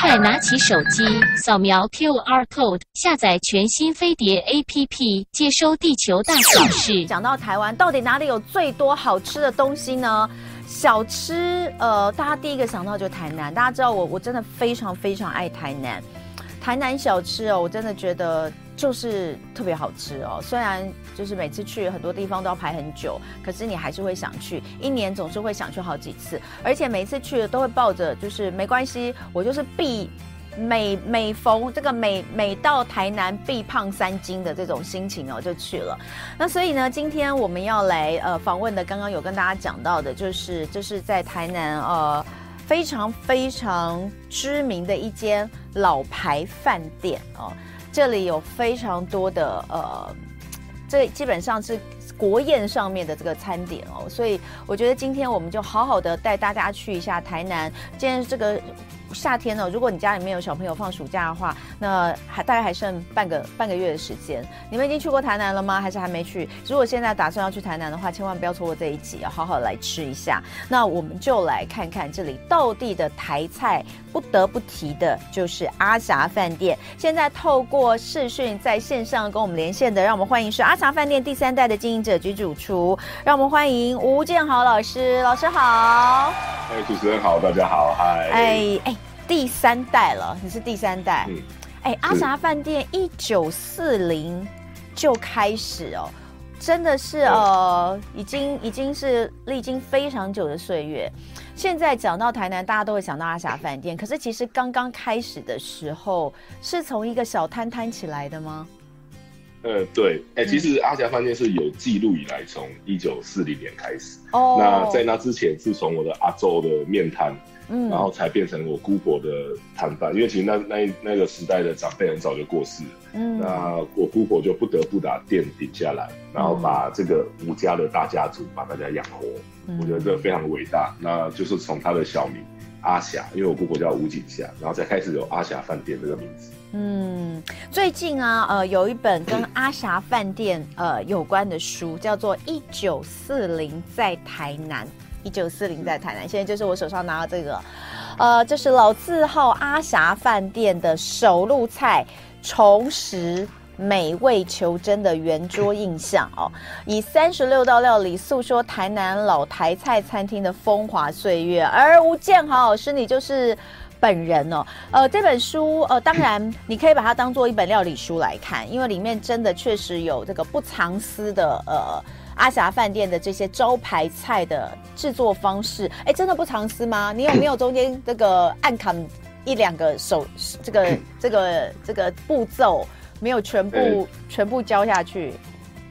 快拿起手機，掃描 QR code，下載全新飛碟 APP，接收地球大小事。講到台灣，到底哪裡有最多好吃的東西呢？小吃，呃，大家第一個想到就是台南。大家知道我，我真的非常非常愛台南。台南小吃哦，我真的覺得就是特別好吃哦，雖然。就是每次去很多地方都要排很久，可是你還是會想去，一年總是會想去好幾次，而且每次去都會抱着就是沒關係，我就是必每每逢這個每每到台南必胖三斤的這種心情哦，就去了。那所以呢，今天我們要來呃訪問的，剛剛有跟大家講到的、就是，就是這是在台南呃非常非常知名的一間老牌飯店哦、呃，這裡有非常多的呃。這基本上是國宴上面的這個餐點哦，所以我覺得今天我們就好好的帶大家去一下台南，今天這個。夏天呢，哦，如果你家裡面有小朋友放暑假的話，那還大概還剩半個半個月的時間。你們已經去過台南了嗎？還是還沒去？如果現在打算要去台南的話，千萬不要錯過這一集，要好好來吃一下。那我們就來看看這裡道地的台菜，不得不提的就是阿霞飯店。現在透過視訊在線上跟我們連線的，讓我們歡迎是阿霞飯店第三代的經營者及主廚，讓我們歡迎吳健豪老師。老師好。哎，主持人好，大家好，嗨。哎哎。第三代了，你是第三代。哎、嗯欸，阿霞飯店一九四零就開始哦，真的是呃，已經已經是歷經非常久的歲月。現在講到台南，大家都會想到阿霞飯店。可是其實剛剛開始的時候，是從一個小攤攤起來的嗎？呃、嗯，對，哎、欸，其實阿霞飯店是有記錄以來，從一九四零年開始。哦、嗯，那在那之前，是從我的阿周的麵攤，嗯，然後才變成我姑婆的攤販。因為其實那那那個時代的長輩很早就過世，嗯，那我姑婆就不得不把店頂下來，然後把這個吳家的大家族把大家養活、嗯。我覺得這非常偉大。那就是從他的小名，阿霞，因為我姑姑叫吳錦霞，然後才開始有阿霞飯店這個名字。嗯，最近啊，呃，有一本跟阿霞飯店 呃有關的書，叫做《一九四零在台南》，一九四零在台南。現在就是我手上拿到這個，呃，就是老字號阿霞飯店的手路菜重拾。美味求真的圓桌印象哦，以三十六道料理訴說台南老台菜餐廳的風華歲月。而吳健豪老師，你就是本人哦。呃，這本書呃，當然你可以把它當做一本料理書來看，因為裡面真的確實有這個不藏私的呃阿霞飯店的這些招牌菜的製作方式。哎，真的不藏私嗎？你有沒有中間這個暗槓一兩個手這個這個這個步驟？沒有全部、欸、全部教下去，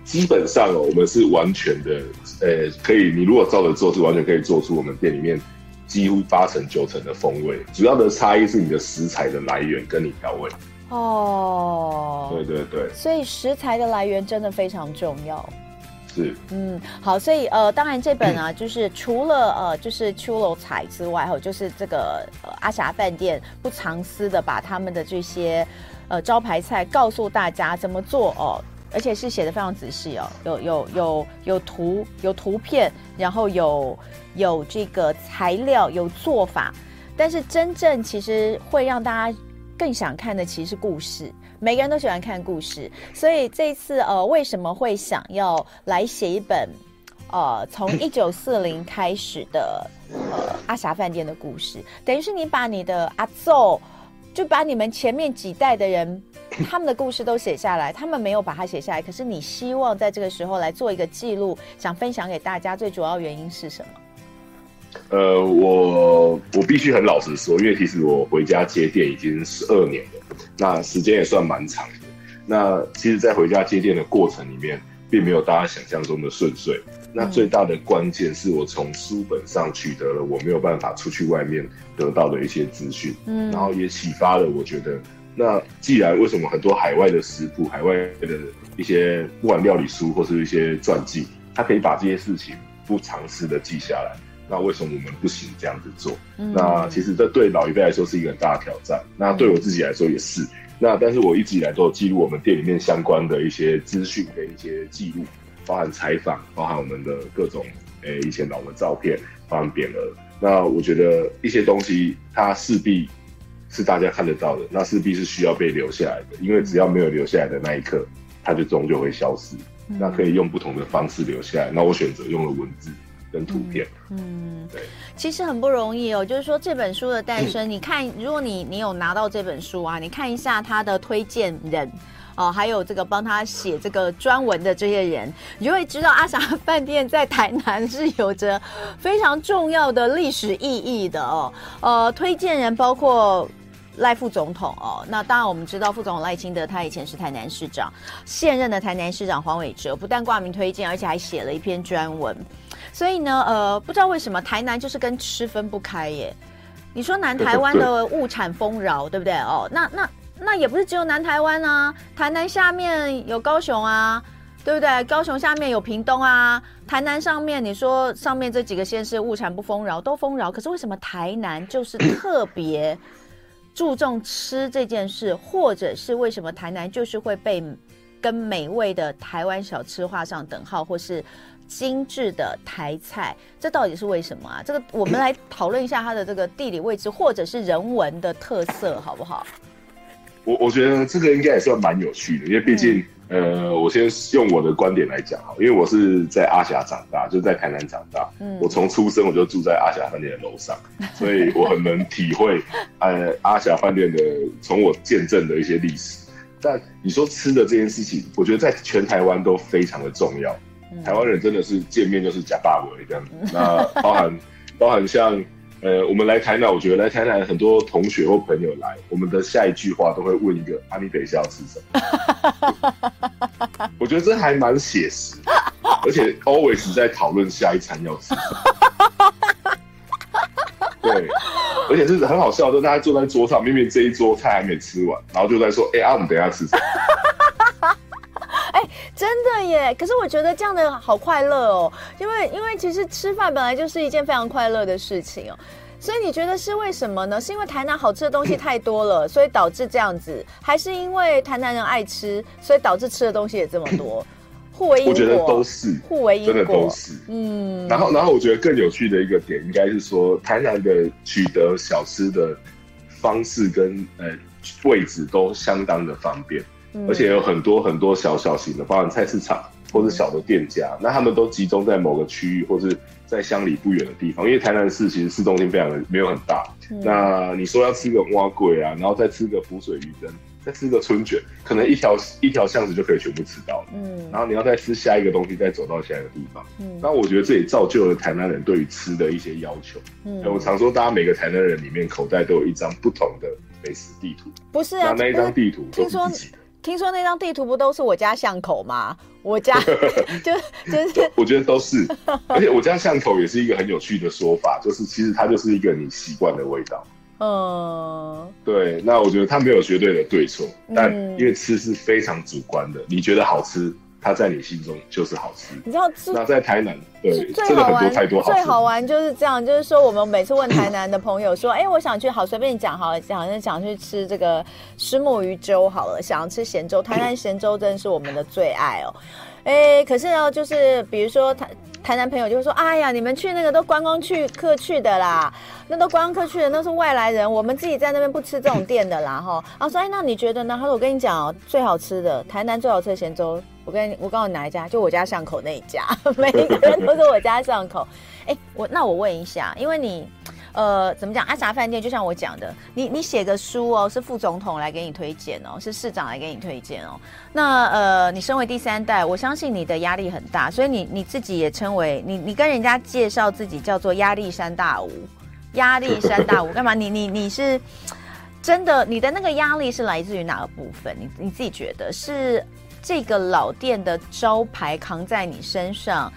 基本上、哦、我們是完全的，呃、欸，可以。你如果照着做，是完全可以做出我們店裡面幾乎八成九成的風味。主要的差異是你的食材的來源跟你調味。哦，對對對，所以食材的來源真的非常重要。是，嗯，好，所以呃，當然這本啊，嗯、就是除了呃，就是酒樓菜之外，哦，就是這個、呃、阿霞飯店不藏私的把他們的這些。呃，招牌菜告訴大家怎麼做哦，而且是寫的非常仔細哦，有有有有圖有圖片，然後有有這個材料有做法，但是真正其實會讓大家更想看的其實是故事，每個人都喜歡看故事，所以這一次呃為什麼會想要來寫一本呃從一九四零開始的、呃、阿霞飯店的故事，等於是你把你的阿祖就把你們前面幾代的人，他們的故事都寫下來。他們沒有把它寫下來，可是你希望在這個時候來做一個記錄，想分享給大家。最主要原因是什麼？呃，我我必須很老實說，因為其實我回家接電已經十二年了，那時間也算蠻長的。那其實，在回家接電的過程裡面，並沒有大家想象中的順遂。那最大的關鍵是我從書本上取得了我沒有辦法出去外面得到的一些資訊，嗯，然後也啟發了我覺得，那既然為什麼很多海外的食譜、海外的一些不管料理書或是一些傳記，它可以把這些事情不嘗試的記下來，那為什麼我們不行這樣子做？嗯，那其實這對老一輩來說是一個很大的挑戰，那對我自己來說也是，嗯，那但是我一直以來都有記錄我們店裡面相關的一些資訊跟一些記錄。包含採訪，包含我們的各種，誒、欸，以前老的照片，包含匾額。那我覺得一些東西，它勢必是大家看得到的，那勢必是需要被留下來的。因為只要沒有留下來的那一刻，它就終究會消失。那可以用不同的方式留下來。那，嗯，我選擇用了文字跟圖片嗯。嗯，對，其實很不容易哦。就是說這本書的誕生、嗯，你看，如果你，你有拿到這本書啊，你看一下它的推薦人。哦，還有這個幫他寫這個專文的這些人，你就會知道阿霞飯店在台南是有着非常重要的歷史意義的哦。呃，推薦人包括賴副總統哦。那當然我們知道副總統賴清德他以前是台南市長，現任的台南市長黃偉哲不但掛名推薦，而且還寫了一篇專文。所以呢，呃，不知道為什麼台南就是跟吃分不開耶。你說南台灣的物產豐饒，對不對？哦，那那。那也不是只有南台灣啊，台南下面有高雄啊，對不對？高雄下面有屏東啊，台南上面你說上面這幾個縣市物產不豐饒？都豐饒。可是為什麼台南就是特別注重吃這件事， 或者是為什麼台南就是會被跟美味的台灣小吃畫上等號，或是精緻的台菜？這到底是為什麼啊？這個我們來討論一下它的這個地理位置，或者是人文的特色，好不好？我我覺得這個應該也算蠻有趣的，因為畢竟、嗯，呃，我先用我的觀點來講哈，因為我是在阿霞長大，就在台南長大，嗯、我從出生我就住在阿霞飯店的樓上，所以我很能體會， 呃，阿霞飯店的從我見證的一些歷史。但你說吃的這件事情，我覺得在全台灣都非常的重要，嗯、台灣人真的是見面就是呷飽未這樣、嗯，那包含 包含像。呃，我們來台南，我覺得來台南很多同學或朋友來，我們的下一句話都會問一個阿、啊、你等一下要吃什麼？ 我覺得這還蠻寫實，而且 always 在討論下一餐要吃什麼。什 對，而且這是很好笑的，就大家坐在桌上，明明這一桌菜還沒吃完，然後就在說，哎我們等一下吃什麼？可是我覺得這樣的好快樂哦，因為因為其實吃飯本來就是一件非常快樂的事情哦，所以你覺得是為什麼呢？是因為台南好吃的東西太多了，嗯、所以導致這樣子，還是因為台南人愛吃，所以導致吃的東西也這麼多？互為因果，我覺得都是互為因果，真的都是。嗯。然後然後我覺得更有趣的一個點，應該是說台南的取得小吃的方式跟呃位置都相當的方便、嗯，而且有很多很多小小型的，包含菜市場。嗯或是小的店家，那他們都集中在某個區域，或是在鄉里不遠的地方，因為台南市其實市中心非常沒有很大。嗯，那你說要吃個碗粿啊，然後再吃個浮水魚羹，再吃個春捲，可能一條一條巷子就可以全部吃到了。嗯，然後你要再吃下一個東西，再走到下一個地方。嗯，那我覺得這也造就了台南人對於吃的一些要求。嗯，我常說大家每個台南人裡面口袋都有一張不同的美食地圖，不是啊，那那一張地圖都是自己的。聽說那張地圖不都是我家巷口嗎？我家 就就是，我覺得都是， 而且我家巷口也是一個很有趣的說法，就是其實它就是一個你習慣的味道。嗯、呃，對，那我覺得它沒有絕對的對錯、嗯，但因為吃是非常主觀的，你覺得好吃。他在你心中就是好吃，你知道？吃那在台南，對，這個太多好吃，最好玩就是這樣，就是說我們每次問台南的朋友說，哎、 欸，我想去，好，隨便你講好了，講想，想去吃這個虱目魚粥好了，想要吃鹹粥，台南鹹粥真的是我們的最愛哦。哎、 欸，可是呢就是比如說，台台南朋友就會說，哎呀，你們去那個都觀光去客去的啦，那都觀光客去的，那是外來人，我們自己在那邊不吃這種店的啦哈。 啊，說哎、欸，那你覺得呢？他說我跟你講哦，最好吃的台南最好吃的鹹粥。我跟你我告訴你哪一家，就我家巷口那一家，每一個人都是我家巷口。欸、我那我問一下，因為你，呃，怎麼講，阿霞飯店，就像我講的，你你寫個書哦，是副總統來給你推薦哦,是市長來給你推薦哦。那呃，你身為第三代，我相信你的壓力很大，所以你你自己也稱為你你跟人家介紹自己叫做壓力山大吳，壓力山大吳幹嘛？你你你是真的？你的那個壓力是來自於哪個部分？你你自己覺得是？這個老店的招牌扛在你身上，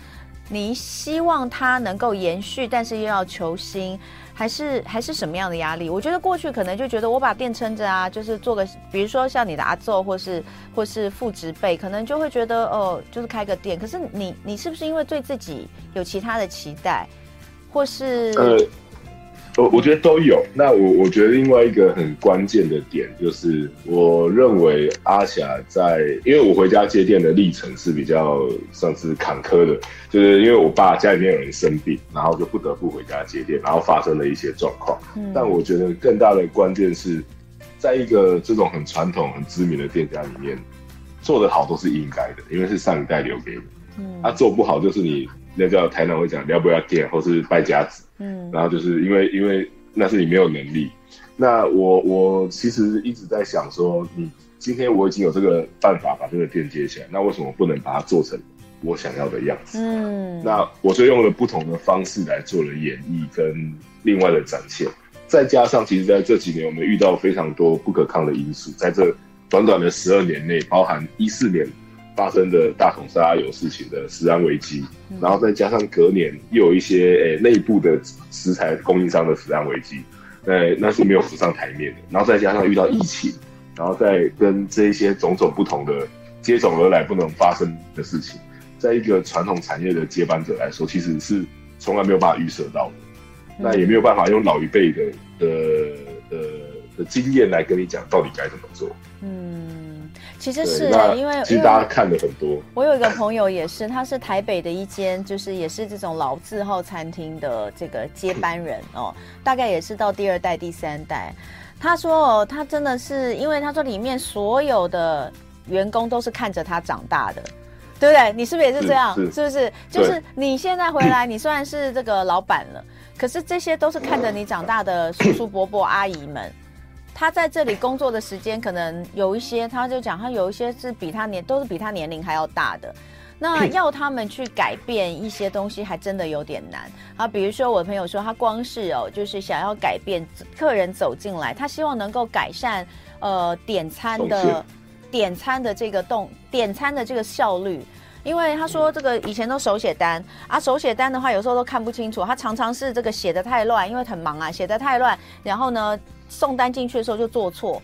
你希望它能夠延續，但是又要求新，還是還是什麼樣的壓力？我覺得過去可能就覺得我把店撐着啊，就是做個，比如說像你的阿奏或是或是父執輩，可能就會覺得哦，就是開個店。可是你你是不是因為對自己有其他的期待，或是？嗯我我覺得都有。那我我覺得另外一個很關鍵的點就是，我認為阿霞在，因為我回家接店的歷程是比較算是坎坷的，就是因為我爸家裡面有人生病，然後就不得不回家接店，然後發生了一些狀況。嗯。但我覺得更大的關鍵是在一個這種很傳統、很知名的店家裡面，做的好都是應該的，因為是上一代留給你。嗯。他、啊、做不好就是你那叫台南會講要不要店，或是敗家子。嗯，然後就是因為因為那是你沒有能力。那我我其實一直在想說，嗯，今天我已經有這個辦法把這個店接起來，那為什麼不能把它做成我想要的樣子？嗯，那我就用了不同的方式來做了演繹跟另外的展現，再加上其實在這幾年我們遇到非常多不可抗的因素，在這短短的十二年內，包含一四年。發生的大統沙、啊、有事情的食安危機，然後再加上隔年又有一些誒內、欸、部的食材供應商的食安危機，那、欸、那是沒有浮上台面的。然後再加上遇到疫情，然後再跟這一些種種不同的接踵而來不能發生的事情，在一個傳統產業的接班者來說，其實是從來沒有辦法預設到的，那也沒有辦法用老一輩的的的的經驗來跟你講到底該怎麼做。嗯。其實是因為其實大家看的很多。我有一個朋友也是，他是台北的一間，就是也是這種老字號餐廳的這個接班人 哦，大概也是到第二代、第三代。他說，哦，他真的是因為他說裡面所有的員工都是看着他長大的，對不對？你是不是也是這樣？是，是，是不是？就是你現在回來，你雖然是這個老闆了，可是這些都是看着你長大的叔叔伯伯阿姨們。 他在這裡工作的時間可能有一些，他就講他有一些是比他年都是比他年齡還要大的，那要他們去改變一些東西還真的有點難啊。比如說我的朋友說，他光是哦、喔，就是想要改變客人走進來，他希望能夠改善呃點餐的點餐的這個動點餐的這個效率，因為他說這個以前都手寫單啊，手寫單的話有時候都看不清楚，他常常是這個寫得太亂，因為很忙啊，寫得太亂，然後呢。送單進去的時候就做錯，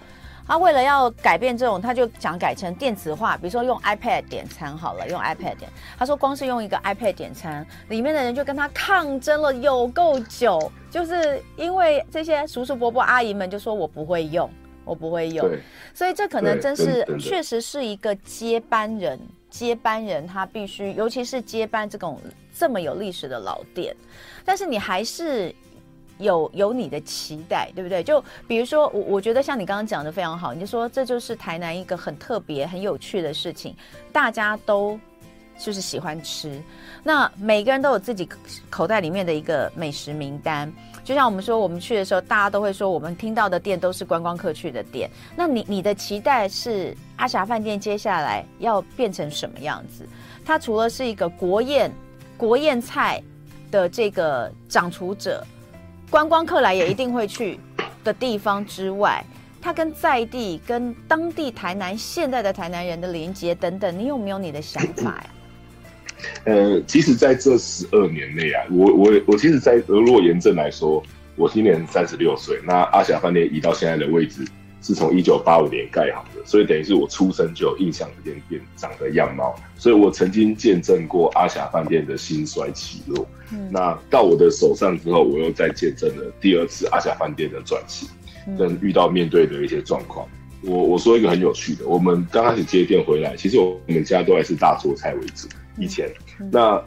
他為了要改變這種，他就想改成電子化，比如說用 iPad 點餐好了，用 iPad 點。他說光是用一個 iPad 點餐，裡面的人就跟他抗爭了有夠久，就是因為這些叔叔伯伯阿姨們就說我不會用，我不會用，所以這可能真是確實是一個接班人，接班人他必須，尤其是接班這種這麼有歷史的老店，但是你還是。有有你的期待，對不對？就比如說，我我覺得像你剛剛講的非常好，你就說這就是台南一個很特別、很有趣的事情，大家都就是喜歡吃。那每個人都有自己口袋裡面的一個美食名單。就像我們說，我們去的時候，大家都會說我們聽到的店都是觀光客去的店。那你你的期待是阿霞飯店接下來要變成什麼樣子？它除了是一個國宴國宴菜的這個掌廚者，觀光客來也一定會去的地方之外，他跟在地、跟當地台南現在的台南人的連接等等，你有沒有你的想法呀、啊 呃，其實在這十二年內啊，我我我，我其實，在俄洛炎症來說，我今年三十六歲。那阿霞飯店移到現在的位置。是從一九八五年蓋好的，所以等於是我出生就有印象，這間店長的樣貌。所以我曾經見證過阿霞飯店的興衰起落、嗯。那到我的手上之後，我又再見證了第二次阿霞飯店的轉型，跟遇到面對的一些狀況、嗯。我我說一個很有趣的，我們剛開始接店回來，其實我們家都還是大做菜為主。以前、嗯 okay. 那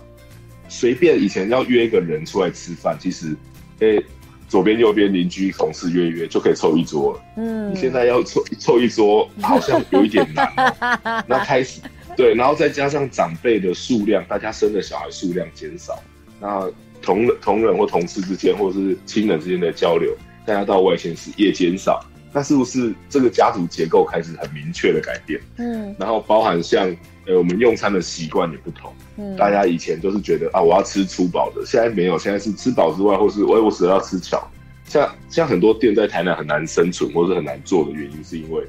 隨便以前要約一個人出來吃飯，其實誒。欸左邊、右邊鄰居、同事約約就可以湊一桌了。嗯，你現在要湊湊一,一桌，好像有一點難喔。那 開始，對，然後再加上長輩的數量，大家生的小孩數量減少，那同同人或同事之間，或者是親人之間的交流，大家到外縣市也減少。那是不是這個家族結構開始很明確的改變？嗯，然後包含像呃，我們用餐的習慣也不同。嗯，大家以前都是覺得啊，我要吃粗飽的，現在沒有，現在是吃飽之外，或是哎，我捨得要吃巧。像像很多店在台南很難生存，或是很難做的原因，是因為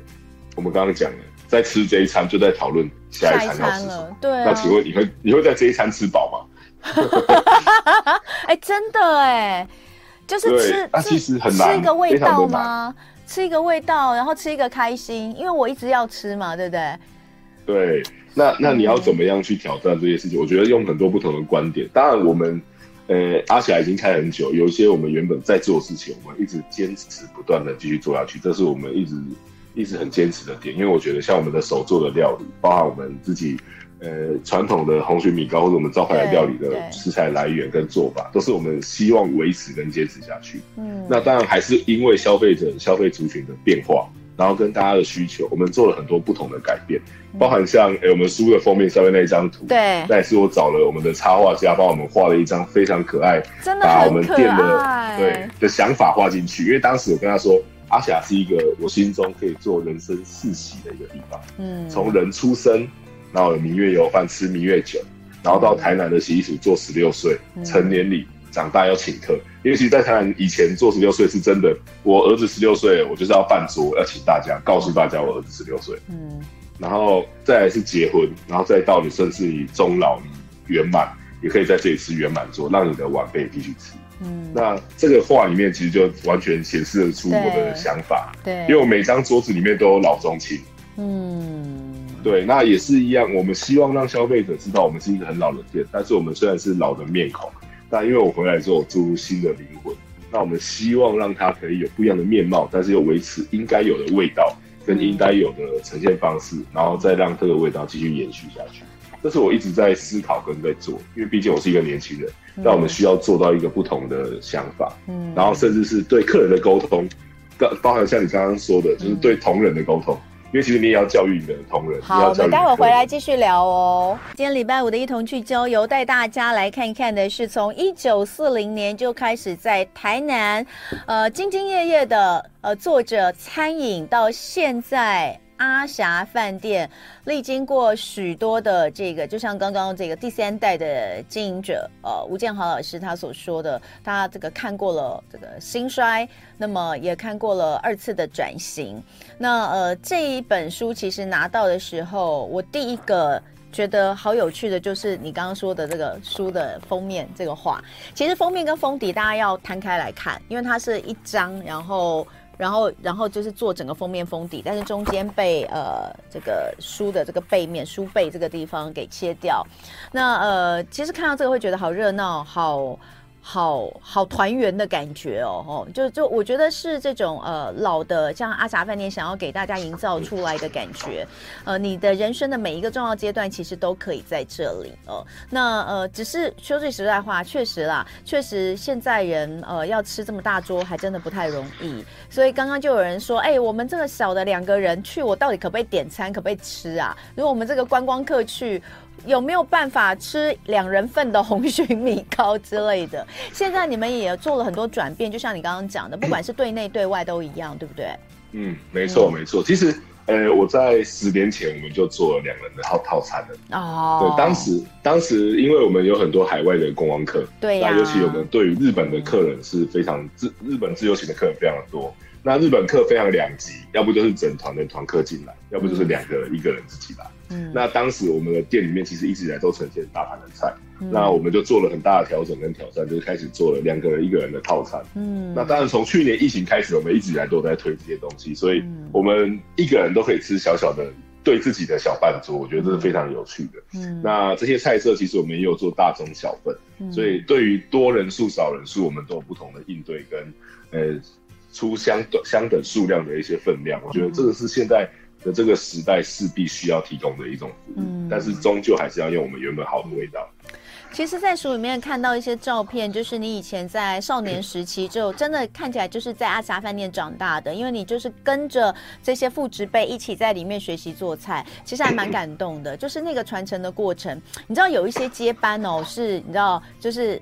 我們剛剛講了，在吃這一餐就在討論下一餐要吃什麼。對、啊。那請問你會你會在這一餐吃飽嗎？哎 欸，真的哎，就是吃，那、啊、其實很難，吃。一個味道嗎？吃一個味道，然後吃一個開心，因為我一直要吃嘛，對不對？對，那那你要怎麼樣去挑戰這些事情、嗯？我覺得用很多不同的觀點。當然，我們呃阿霞已經開很久，有一些我們原本在做的事情，我們一直堅持不斷的繼續做下去，這是我們一直一直很堅持的點。因為我覺得像我們的手做的料理，包含我們自己。呃，傳統的紅蟳米糕，或者我們招牌的料理的食材來源跟做法，都是我們希望維持跟堅持下去。嗯，那當然還是因為消費者消費族群的變化，然後跟大家的需求，我們做了很多不同的改變，嗯、包含像誒、欸，我們書的封面下面那一張圖，對，那也是我找了我們的插畫家幫我們畫了一張非常可愛，真的很可愛，把我們店的對的想法畫進去，因為當時我跟他說，阿霞是一個我心中可以做人生四喜的一個地方。嗯，從人出生。然後有明月有飯吃，明月酒，然後到台南的習俗做十六歲成年禮，長大要請客，嗯，因為其實，在台南以前做十六歲是真的。我兒子十六歲，我就是要辦桌，要請大家，告訴大家我兒子十六歲。嗯，然後再來是結婚，然後再到你甚至你終老你圓滿，也可以在這裡吃圓滿桌，讓你的晚輩繼續吃。嗯，那這個話裡面其實就完全顯示得出我的想法，對。對，因為我每張桌子裡面都有老中青。嗯。對，那也是一樣。我們希望讓消費者知道我們是一個很老的店，但是我們雖然是老的面孔，但因為我回來之後注入新的靈魂，那我們希望讓它可以有不一樣的面貌，但是又維持應該有的味道跟應該有的呈現方式，嗯，然後再讓這個味道繼續延續下去。這是我一直在思考跟在做，因為畢竟我是一個年輕人，那，嗯，我們需要做到一個不同的想法，嗯，然後甚至是對客人的溝通，包含像你剛剛說的，就是對同仁的溝通。嗯因為其實你也要教育你的同仁。好，我們待會回來繼續聊哦。今天禮拜五的一同去郊遊，帶大家來看一看的是從一九四零年就開始在台南，呃，兢兢業業的呃做着餐飲，到現在。阿霞飯店歷經過許多的這個，就像剛剛這個第三代的經營者，呃，吳健豪老師他所說的，他這個看過了這個興衰，那麼也看過了二次的轉型。那呃，這一本書其實拿到的時候，我第一個覺得好有趣的就是你剛剛說的這個書的封面這個畫。其實封面跟封底大家要攤開來看，因為它是一張，然後。然後，然後就是做整個封面封底，但是中間被呃這個書的這個背面書背這個地方給切掉。那呃，其實看到這個會覺得好熱鬧，好。好好團圓的感覺哦，哦就，就我覺得是這種呃老的，像阿霞飯店想要給大家營造出來的感覺，呃，你的人生的每一個重要階段，其實都可以在這裡哦、呃。那呃，只是說句實在話，確實啦，確實現在人呃要吃這麼大桌，還真的不太容易。所以剛剛就有人說，哎、欸，我們這麼小的兩個人去，我到底可不可以點餐，可不可以吃啊？如果我們這個觀光客去。有沒有辦法吃兩人份的紅蟳米糕之類的？現在你們也做了很多轉變，就像你剛剛講的，不管是對內對外都一樣，對不對？嗯，沒錯、嗯、沒錯。其實，呃，我在十年前我們就做了兩人的套餐了啊。哦、對，當時當時因為我們有很多海外的觀光客，對呀、啊，尤其我們對於日本的客人是非常自日本自由行的客人非常的多。那日本客非常兩極，要不就是整團的團客進來，要不就是兩個人、嗯、一個人自己來。那當時我們的店裡面其實一直以來都呈現大盤的菜。嗯，那我們就做了很大的調整跟挑戰，就是開始做了兩個人一個人的套餐。嗯，那當然從去年疫情開始，我們一直以來都在推這些東西，所以我們一個人都可以吃小小的對自己的小飯桌，我覺得這是非常有趣的。嗯，那這些菜色其實我們也有做大中小份，所以對於多人數少人數，我們都有不同的應對跟呃出相等相等數量的一些分量，我覺得這個是現在。這個時代是必須要提供的一種服務、嗯，但是終究還是要用我們原本好的味道。其實，在書裡面看到一些照片，就是你以前在少年時期就真的看起來就是在阿霞飯店長大的、嗯，因為你就是跟着這些父執輩一起在裡面學習做菜，其實還蠻感動的、嗯。就是那個傳承的過程，你知道有一些接班哦，是你知道就是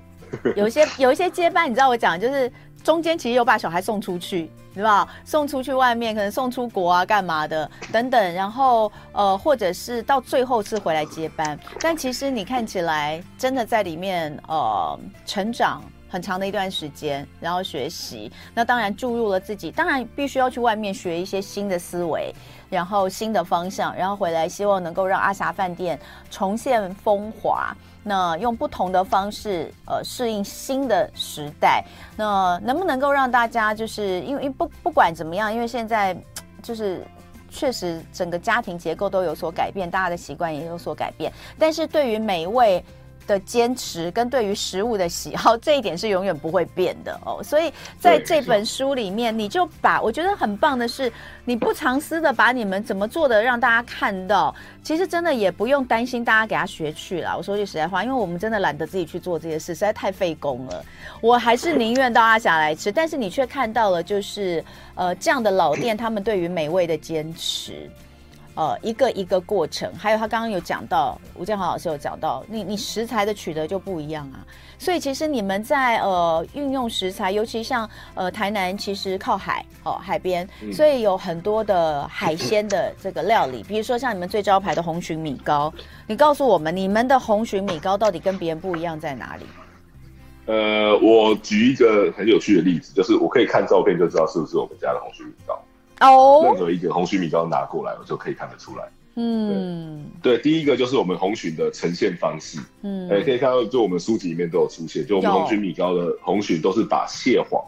有一些 有一些接班，你知道我講就是。中間其實有把小孩送出去，對吧？送出去外面，可能送出國啊，幹嘛的等等。然後呃，或者是到最後是回來接班。但其實你看起來真的在裡面呃成長很長的一段時間，然後學習。那當然注入了自己，當然必須要去外面學一些新的思維，然後新的方向，然後回來，希望能夠讓阿霞飯店重現風華。那用不同的方式，呃，適應新的時代，那能不能夠讓大家，就是因為，因為不不管怎麼樣，因為現在就是確實整個家庭結構都有所改變，大家的習慣也有所改變，但是對於每一位。的堅持跟對於食物的喜好，這一點是永遠不會變的哦。所以在這本書裡面，你就把我覺得很棒的是，你不藏私的把你們怎麼做的讓大家看到。其實真的也不用擔心大家給他學去了。我說句實在話，因為我們真的懶得自己去做這些事，實在太費工了。我還是寧願到阿霞來吃。但是你卻看到了，就是呃這樣的老店，他們對於美味的堅持。呃，一個一個過程，還有他剛剛有講到，吳健豪老師有講到，你你食材的取得就不一樣啊，所以其實你們在呃運用食材，尤其像呃台南其實靠海哦、呃、海邊，所以有很多的海鮮的這個料理，嗯、比如說像你們最招牌的紅蟳米糕，你告訴我們你們的紅蟳米糕到底跟別人不一樣在哪裡？呃，我舉一個很有趣的例子，就是我可以看照片就知道是不是我們家的紅蟳米糕。哦、oh，任何一個紅蟳米糕拿過來，我就可以看得出來。嗯，對，對，第一個就是我們紅蟳的呈現方式。嗯，哎、欸，可以看到，就我們書籍裡面都有出現，就我們紅蟳米糕的紅蟳都是把蟹黃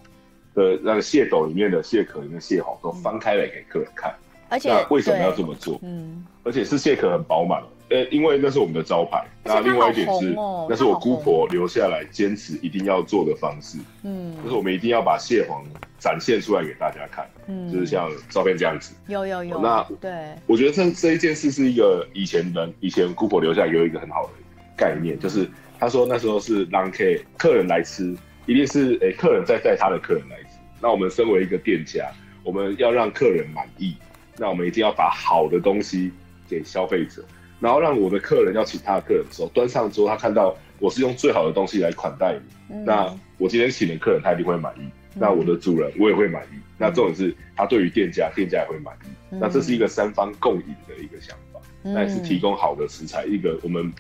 的、呃、那個蟹斗裡面的蟹殼裡面蟹黃都翻開來給客人看。嗯、而且那為什麼要這麼做？嗯，而且是蟹殼很飽滿。呃，因為那是我們的招牌。哦，那另外一點是，那是我姑婆留下來堅持一定要做的方式。嗯，就是我們一定要把蟹黃展現出來給大家看。嗯，就是像照片這樣子。有有有。那對，我覺得這這一件事是一個以前人，以前姑婆留下來有一個很好的概念。嗯，就是他說那時候是讓客客人來吃，一定是哎客人在帶他的客人來吃。那我們身為一個店家，我們要讓客人滿意，那我們一定要把好的東西給消費者。然後讓我的客人要請他的客人的時候，端上桌，他看到我是用最好的東西來款待你，嗯、那我今天請的客人他一定會滿意。嗯、那我的主人我也會滿意，嗯，那重點是他對於店家，店家也會滿意。嗯、那這是一個三方共贏的一個想法，嗯、那也是提供好的食材，嗯，一個我們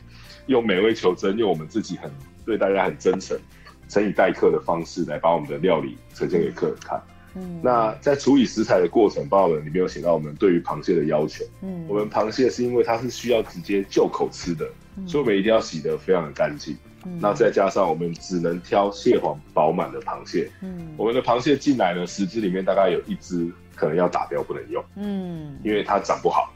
用美味求真，用我們自己很對大家很真誠誠以待客的方式來把我們的料理呈現給客人看。那在處理食材的過程，包文裡面有寫到我們對於螃蟹的要求。嗯，我們螃蟹是因為它是需要直接就口吃的，嗯、所以我們一定要洗得非常的乾淨、嗯。那再加上我們只能挑蟹黃飽滿的螃蟹。嗯，我們的螃蟹進來呢，十隻裡面大概有一隻可能要打掉不能用。嗯，因為它長不好。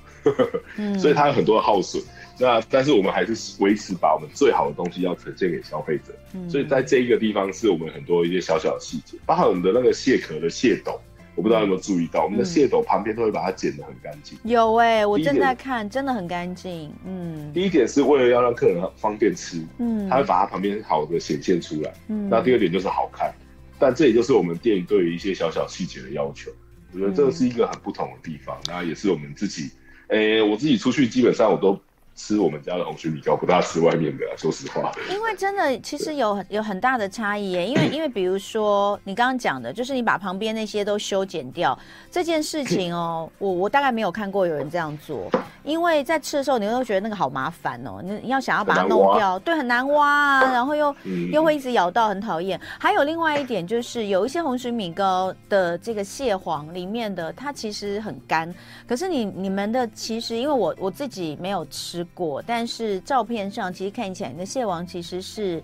所以它有很多的耗損。那但是我們還是維持把我們最好的東西要呈現給消費者，嗯，所以在這一個地方是我們很多一些小小的細節，包含我們的那個蟹殼的蟹斗，嗯，我不知道有沒有注意到，嗯，我們的蟹斗旁邊都會把它剪得很乾淨。有哎，欸，我正在看，真的很乾淨。嗯，第一點是為了要讓客人方便吃，嗯，他會把它旁邊好的顯現出來。嗯，那第二點就是好看，但這也就是我們店對於一些小小細節的要求。我覺得這是一個很不同的地方，那，嗯，也是我們自己，哎，欸，我自己出去基本上我都。吃我們家的紅蟳米糕，不大吃外面的。啊，說實話，因為真的其實有有很大的差異耶，因為因為比如說你剛剛講的，就是你把旁邊那些都修剪掉這件事情哦，嗯、我我大概沒有看過有人這樣做，因為在吃的時候你會覺得那個好麻煩哦，你要想要把它弄掉，對，很難挖啊，然後又、嗯、又會一直咬到很討厭。還有另外一點就是，有一些紅蟳米糕的這個蟹黃裡面的它其實很乾，可是你你們的其實因為我我自己沒有吃。果，但是照片上其實看起來，那蟹黃其實是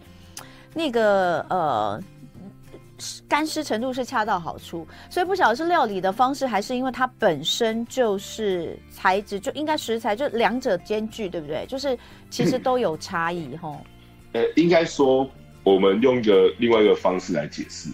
那個呃乾濕程度是恰到好處，所以不曉得是料理的方式，還是因為它本身就是材質就應該食材就兩者兼具，對不對？就是其實都有差異吼。 呃，應該說我們用一個另外一個方式來解釋，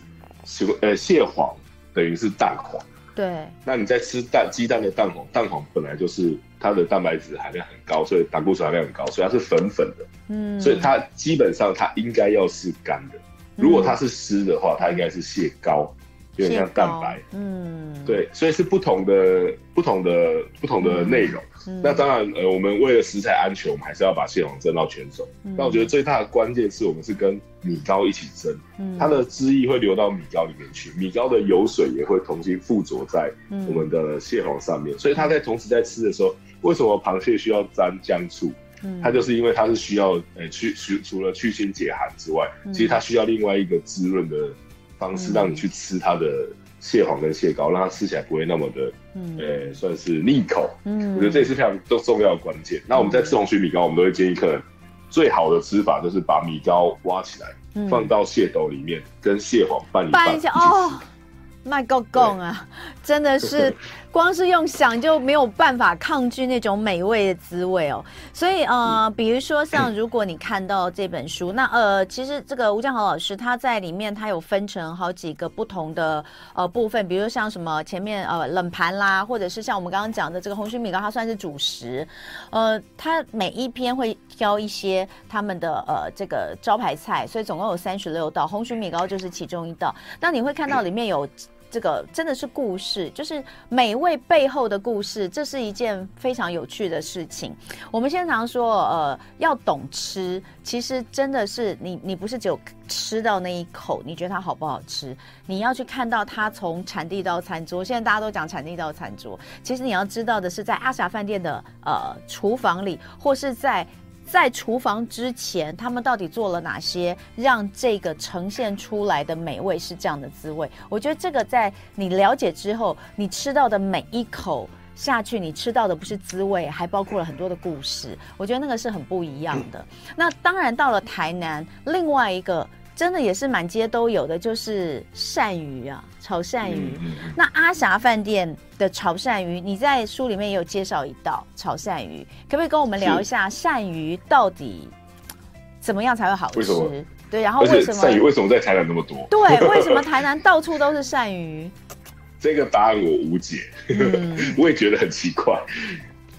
呃蟹黃等於是蛋黃。對，那你在吃蛋，雞蛋的蛋黃，蛋黃本來就是它的蛋白質含量很高，所以膽固醇含量很高，所以它是粉粉的，嗯，所以它基本上它應該要是乾的，如果它是濕的話，它應該是蟹膏，嗯，有點像蛋白，嗯，對，所以是不同的不同的不同的內容。嗯那當然、嗯，呃，我們為了食材安全，我們還是要把蟹黃蒸到全熟、嗯。那我覺得最大的關鍵是我們是跟米糕一起蒸、嗯，它的汁液會流到米糕裡面去，米糕的油水也會重新附着在我們的蟹黃上面、嗯。所以它在同時在吃的時候，為什麼螃蟹需要沾薑醋、嗯？它就是因為它是需要，呃，去去除了去腥解寒之外、嗯，其實它需要另外一個滋潤的方式，讓你去吃它的。嗯嗯。蟹黃跟蟹膏讓它吃起來不會那麼的，嗯呃、算是膩口。嗯，我覺得這也是非常都重要的關鍵、嗯。那我們在吃紅麴米糕，我們都會建議客人最好的吃法就是把米糕挖起來，嗯、放到蟹斗裡面跟蟹黃拌一拌，一拌一下。哦，My God 啊，真的是。 光是用想就沒有辦法抗拒那種美味的滋味哦，所以呃，比如說像如果你看到這本書，那呃，其實這個吳健豪老師他在裡面他有分成好幾個不同的呃部分，比如像什麼前面呃冷盤啦，或者是像我們剛剛講的這個紅蟳米糕，它算是主食，呃，他每一篇會挑一些他們的呃這個招牌菜，所以總共有三十六道，紅蟳米糕就是其中一道，那你會看到裡面有。這個真的是故事，就是美味背後的故事，這是一件非常有趣的事情。我們現在常說，呃，要懂吃，其實真的是你，你不是只有吃到那一口，你覺得它好不好吃？你要去看到它從產地到餐桌。現在大家都講產地到餐桌，其實你要知道的是，在阿霞飯店的呃廚房裡，或是在。在廚房之前，他們到底做了哪些，讓這個呈現出來的美味是這樣的滋味？我覺得這個在你了解之後，你吃到的每一口下去，你吃到的不是滋味，還包括了很多的故事。我覺得那個是很不一樣的。那當然到了台南，另外一個。真的也是滿街都有的，就是鱔魚啊，炒鱔魚、嗯。那阿霞飯店的炒鱔魚，你在書裡面也有介紹一道炒鱔魚，可不可以跟我們聊一下鱔魚到底怎麼樣才會好吃？對，然後為什麼鱔魚為什麼在台南那麼多？對，為什麼台南到處都是鱔魚？這個答案我無解，嗯、 我也覺得很奇怪。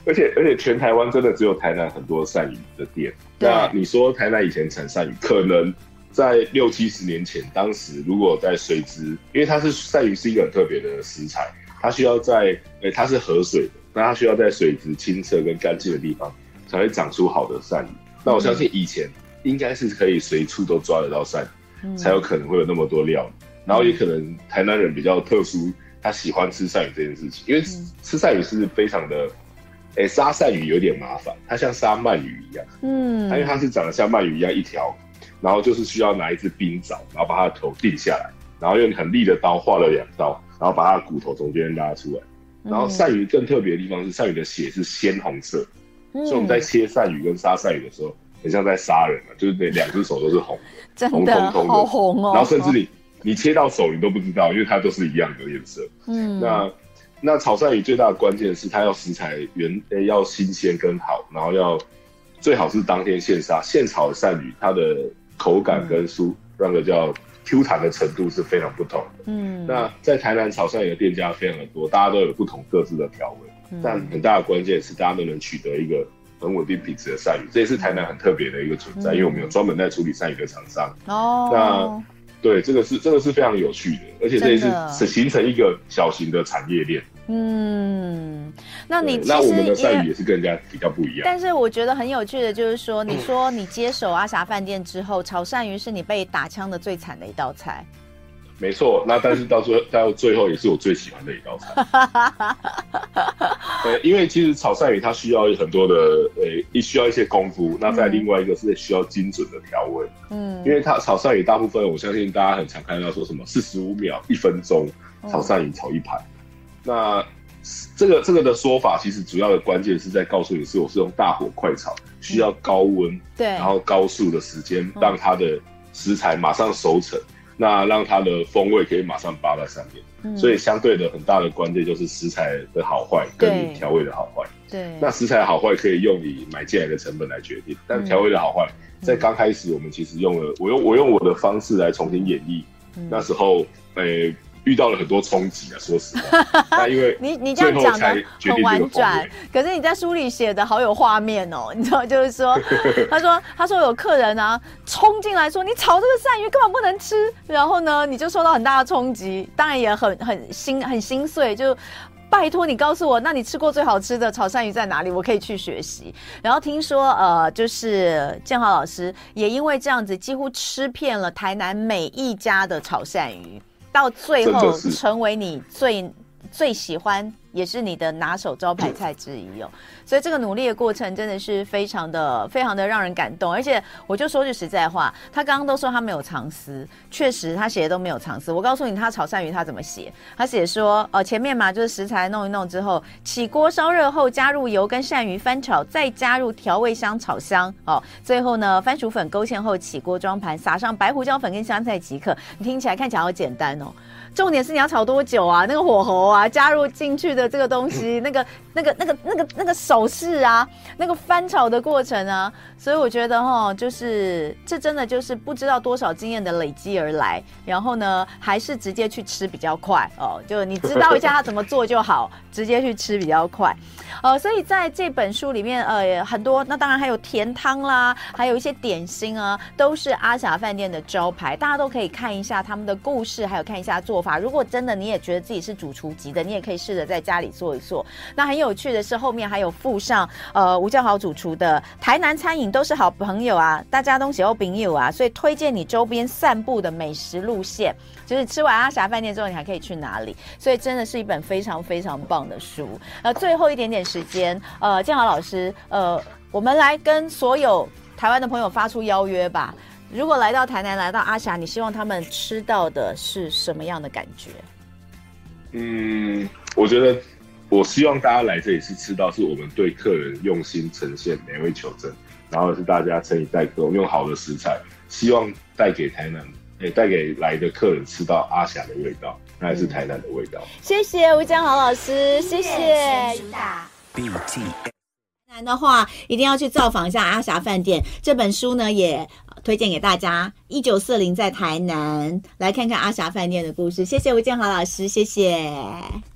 而且而且，全台灣真的只有台南很多鱔魚的店。那你說台南以前產鱔魚，可能？在六七十年前，當時如果在水質，因為它是鱔魚是一個很特別的食材，它需要在、欸、它是河水的，那它需要在水質清澈跟乾淨的地方才會長出好的鱔魚、嗯。那我相信以前應該是可以隨處都抓得到鱔魚、嗯，才有可能會有那麼多料、嗯。然後也可能台南人比較特殊，他喜歡吃鱔魚這件事情，因為吃鱔魚是非常的，誒殺鱔魚有點麻煩，它像殺鰻魚一樣，嗯，因為它是長得像鰻魚一樣一條。然後就是需要拿一支冰鑿，然後把它的頭定下來，然後用很利的刀劃了兩刀，然後把它的骨頭從中間拉出來、嗯。然後鱔魚更特別的地方是，鱔魚的血是鮮紅色，嗯、所以我們在切鱔魚跟殺鱔魚的時候，很像在殺人啊，就是每兩隻手都是紅的， 紅彤彤，彤的，真的，好紅、哦，然後甚至你你切到手你都不知道，因為它都是一樣的顏色。嗯，那那炒鱔魚最大的關鍵是，它要食材原要新鮮跟好，然後要最好是當天現殺現炒的鱔魚，它的。口感跟酥那個、嗯、叫 Q 彈的程度是非常不同的。嗯，那在台南炒鱔魚的店家非常多，大家都有不同各自的調味、嗯，但很大的關鍵是大家都能取得一個很穩定品質的鱔魚，這也是台南很特別的一個存在。嗯、因為我們有專門在處理鱔魚的廠商、嗯。哦，那對這個是這個是非常有趣的，而且這也是是形成一個小型的產業鏈。嗯，那你其實那我們的鱔魚也是跟人家比較不一樣。但是我覺得很有趣的，就是說，你說你接手阿霞飯店之後，嗯、炒鱔魚是你被打槍的最慘的一道菜。沒錯，那但是到最後 到最後也是我最喜歡的一道菜。 呃，因為其實炒鱔魚它需要很多的呃，需要一些功夫。嗯、那在另外一個是需要精準的調味。嗯，因為它炒鱔魚大部分我相信大家很常看到說什麼四十五秒、一分鐘炒鱔魚炒一盤。嗯那這個這個的說法，其實主要的關鍵是在告訴你，是我是用大火快炒，需要高溫、嗯，對，然後高速的時間，讓它的食材馬上熟成、嗯，那讓它的風味可以馬上扒在上面。嗯、所以相對的很大的關鍵就是食材的好壞跟調味的好壞。對，那食材好壞可以用你買進來的成本來決定，但調味的好壞、嗯，在剛開始我們其實用了、嗯、我用我用我的方式來重新演繹、嗯，那時候，哎、欸遇到了很多衝擊啊，說實話， 你你這樣講的很婉轉，可是你在書裡寫的好有畫面哦，你知道就是說， 他說他說有客人啊，衝進來說你炒這個鱔魚根本不能吃，然後呢你就受到很大的衝擊，當然也很很心很心碎，就拜託你告訴我，那你吃過最好吃的炒鱔魚在哪裡，我可以去學習。然後聽說呃，就是健豪老師也因為這樣子，幾乎吃遍了台南每一家的炒鱔魚。到最後，成為你最最喜歡，也是你的拿手招牌菜之一哦，所以這個努力的過程真的是非常的非常的讓人感動。而且我就說句實在話，他剛剛都說他沒有藏私，確實他寫的都沒有藏私。我告訴你，他炒鱔魚他怎麼寫？他寫說哦，前面嘛就是食材弄一弄之後，起鍋燒熱後加入油跟鱔魚翻炒，再加入調味香炒香哦。最後呢，番薯粉勾芡後起鍋裝盤，撒上白胡椒粉跟香菜即可。你聽起來看起來好簡單哦，重點是你要炒多久啊？那個火候啊，加入進去的。這個東西，那個、那個、那個、那個，那個手勢啊，那個翻炒的過程啊，所以我覺得哈、哦，就是這真的就是不知道多少經驗的累積而來。然後呢，還是直接去吃比較快哦。就你知道一下他怎麼做就好， 直接去吃比較快。呃，所以在這本書裡面，呃，很多那當然還有甜湯啦，還有一些點心啊，都是阿霞飯店的招牌，大家都可以看一下他們的故事，還有看一下做法。如果真的你也覺得自己是主廚級的，你也可以試着在家。家裡坐一坐，那很有趣的是後面還有附上呃吳健豪主廚的台南餐飲都是好朋友啊，大家東西都朋友啊，所以推薦你周邊散步的美食路線，就是吃完阿霞飯店之後你還可以去哪裡？所以真的是一本非常非常棒的書。呃，最後一點點時間，呃，健豪老師，呃，我們來跟所有台灣的朋友發出邀約吧。如果來到台南，來到阿霞，你希望他們吃到的是什麼樣的感覺？嗯。我覺得，我希望大家來這裡是吃到是我們對客人用心呈現，美味求真，然後是大家誠以待客，我用好的食材，希望帶給台南，也帶給來的客人吃到阿霞的味道，那也是台南的味道。嗯、謝謝吳健豪老師，謝謝。台、嗯、南、嗯嗯嗯嗯、的，的話，一定要去造訪一下阿霞飯店。這本書呢，也推薦給大家，《一九四零在台南》，來看看阿霞飯店的故事。謝謝吳健豪老師，謝謝。